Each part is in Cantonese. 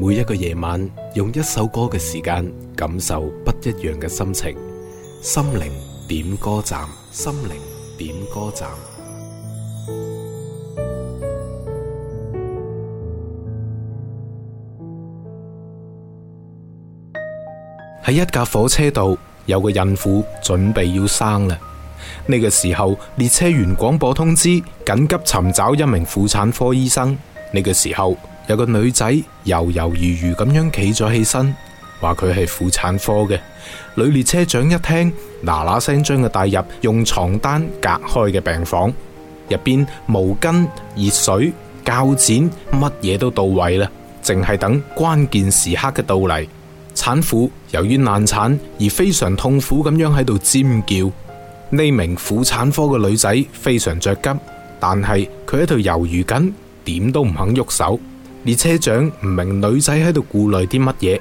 每一個夜晚，用一首歌嘅時間，感受不一樣嘅心情。心靈點歌站，心靈點歌站。喺一架火車度，有個孕婦準備要生啦。呢個時候，列車員廣播通知緊急尋找一名婦產科醫生。呢個時候。有個女仔猶猶豫豫咁樣企咗起身，話佢係婦產科嘅。女列車長一聽，嗱嗱聲將佢帶入用床單隔開嘅病房，入邊毛巾、熱水、鉸剪，乜嘢都到位啦，淨係等關鍵時刻嘅到嚟。產婦由於難產而非常痛苦咁樣喺度尖叫。呢名婦產科嘅女仔非常着急，但係佢喺度猶豫緊，點都唔肯喐手。列車長唔明女仔喺度顧慮啲乜嘢，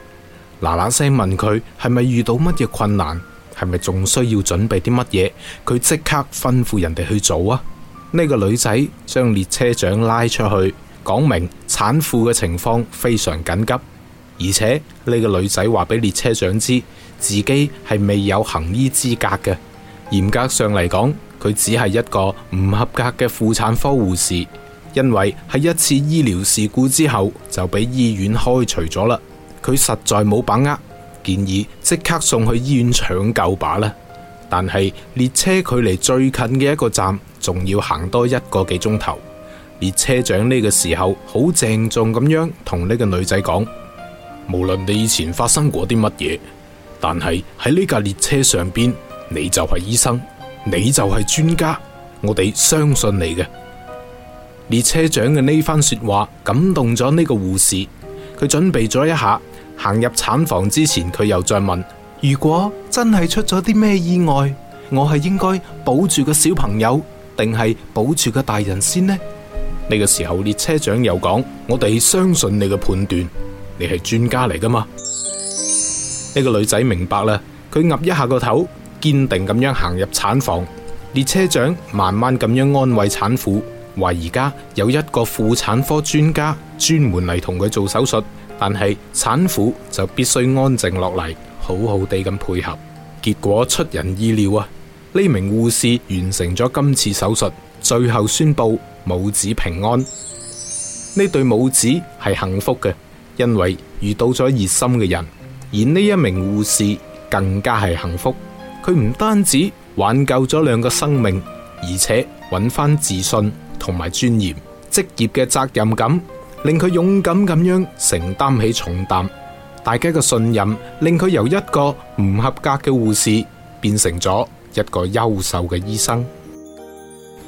嗱嗱聲問佢係咪遇到乜嘢困難，係咪仲需要準備啲乜嘢？佢即刻吩咐人哋去做啊！呢個女仔將列車長拉出去，講明產婦嘅情況非常緊急，而且呢個女仔話俾列車長知，自己係未有行醫資格嘅，嚴格上嚟講，佢只係一個唔合格嘅婦產科護士。因為喺一次醫療事故之後就俾醫院開除咗啦，佢實在冇把握，建議即刻送去醫院搶救吧啦。但係列車距離最近嘅一個站仲要行多一個幾鐘頭，列車長呢個時候好鄭重咁樣同呢個女仔講：無論你以前發生過啲乜嘢，但係喺呢架列車上邊你就係醫生，你就係專家，我哋相信你嘅。列車長嘅呢番說話感動咗呢個護士，佢準備咗一下行入產房之前，佢又再問：如果真係出咗啲咩意外，我係應該保住個小朋友，定係保住個大人先呢？呢個時候，列車長又講：我哋相信你嘅判斷，你係專家嚟噶嘛？呢個女仔明白啦，佢岌一下個頭，堅定咁樣行入產房。列車長慢慢咁樣安慰產婦。話而家有一個婦產科專家專門嚟同佢做手術，但係產婦就必須安靜落嚟，好好地咁配合。結果出人意料啊！呢名護士完成咗今次手術，最後宣布母子平安。呢對母子係幸福嘅，因為遇到咗熱心嘅人，而呢一名護士更加係幸福。佢唔單止挽救咗兩個生命，而且揾翻自信。同埋尊嚴，職業嘅責任感令佢勇敢咁樣承擔起重擔，大家嘅信任令佢由一個唔合格嘅護士變成咗一個優秀嘅醫生。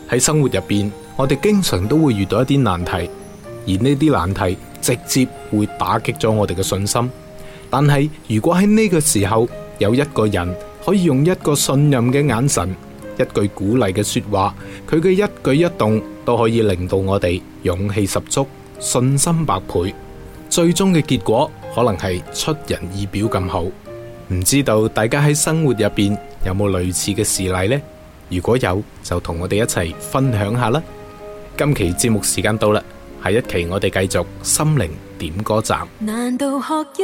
喺生活入邊，我哋經常都會遇到一啲難題，而呢啲難題直接會打擊咗我哋嘅信心。但係如果喺呢個時候，有一個人可以用一個信任嘅眼神。一句鼓勵嘅說話，佢嘅一舉一動都可以令到我哋勇氣十足、信心百倍。最終嘅結果可能係出人意表咁好，唔知道大家喺生活入邊有冇類似嘅事例呢？如果有，就同我哋一齊分享一下啦！今期節目時間到啦，下一期我哋繼續心靈點歌站。難道學